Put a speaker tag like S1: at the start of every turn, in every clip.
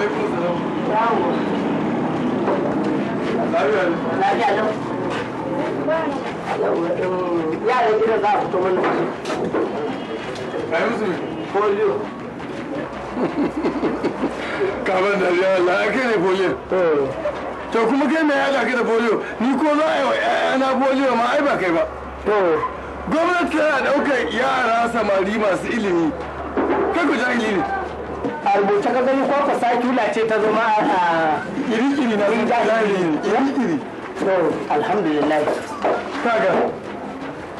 S1: yaran kaban da ya Allah ya ne polio to kuma kai mai yaɗa ka da polio ni ko za a yi wa ƴaƴana polio ma ai ba kai ba gwamnati tana ɗaukar yara samari masu ilimi kai ku jahili ne a rubuce ka gani ko ko ce ta zama a ah, iri-iri na sun jahili iri-iri to alhamdulillah kaga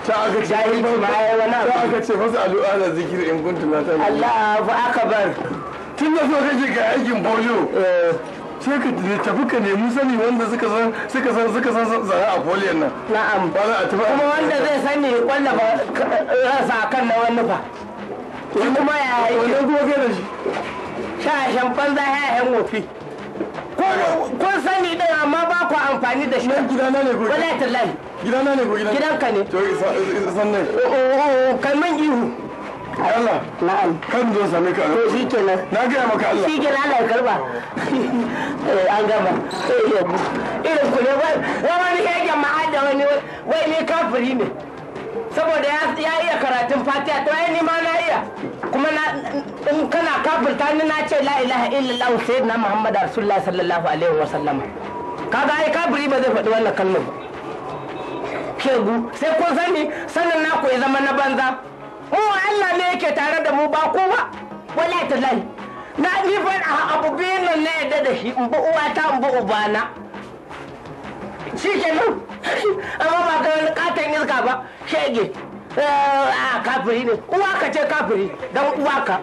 S1: ta aka ce jahili ma ya wani abu ta aka ce fasa alu'ala zikir in kuntu na ta Allahu akbar tun da so kake ga aikin polio eh. sai ka tafi ka nemi sani wanda suka san suka san suka san zara a foliyan nan na'am ba za a tafi kuma wanda zai sani wanda ba eh, rasa kan na wani fa wani kuma ya yi wani gobe da shi shashen ya wofi kun sani din amma ba ku amfani da shi ne ko wallahi tallahi gidana ne gidan ka ne sannan oh, oh, oh, kai man ihu Allah na'am kan zo ka to na ga maka Allah shikenan Allah ya karba eh, an gama eh, irin ku ne wai wani yake wani wai ne kafiri ne saboda ya iya karatun fatiha to ya kuma na in kana kafirta ni na ce la ilaha illallah sayyidina muhammad rasulullah sallallahu alaihi wa sallam kaga ai kafiri ba zai faɗi wannan kalmar ba kegu sai ko sani sanin naku ya zama na banza mu Allah ne yake tare da mu ba kowa ta lai na ni fa abu biyun nan na yadda da shi in uwa ta in uba na shi kenan amma ba ga wani katon iska ba shege eh, kafiri ne uwa ka ce kafiri dan uwa ka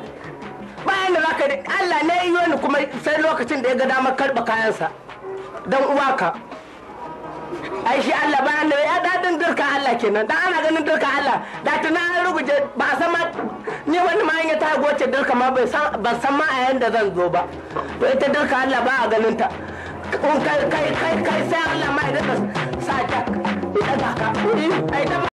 S1: bayan da zaka Allah ne yi wani kuma sai lokacin da ya ga dama karba kayansa dan uwa ka ai shi Allah bayan da ya dadin dirka Allah kenan dan ana ganin dirka Allah da tana rubuje ba a san ma ni wani ma yin ta goce dirka ma bai san ba san ma a yanda zan zo ba to ita dirka Allah ba a ganin ta kai kai kai sai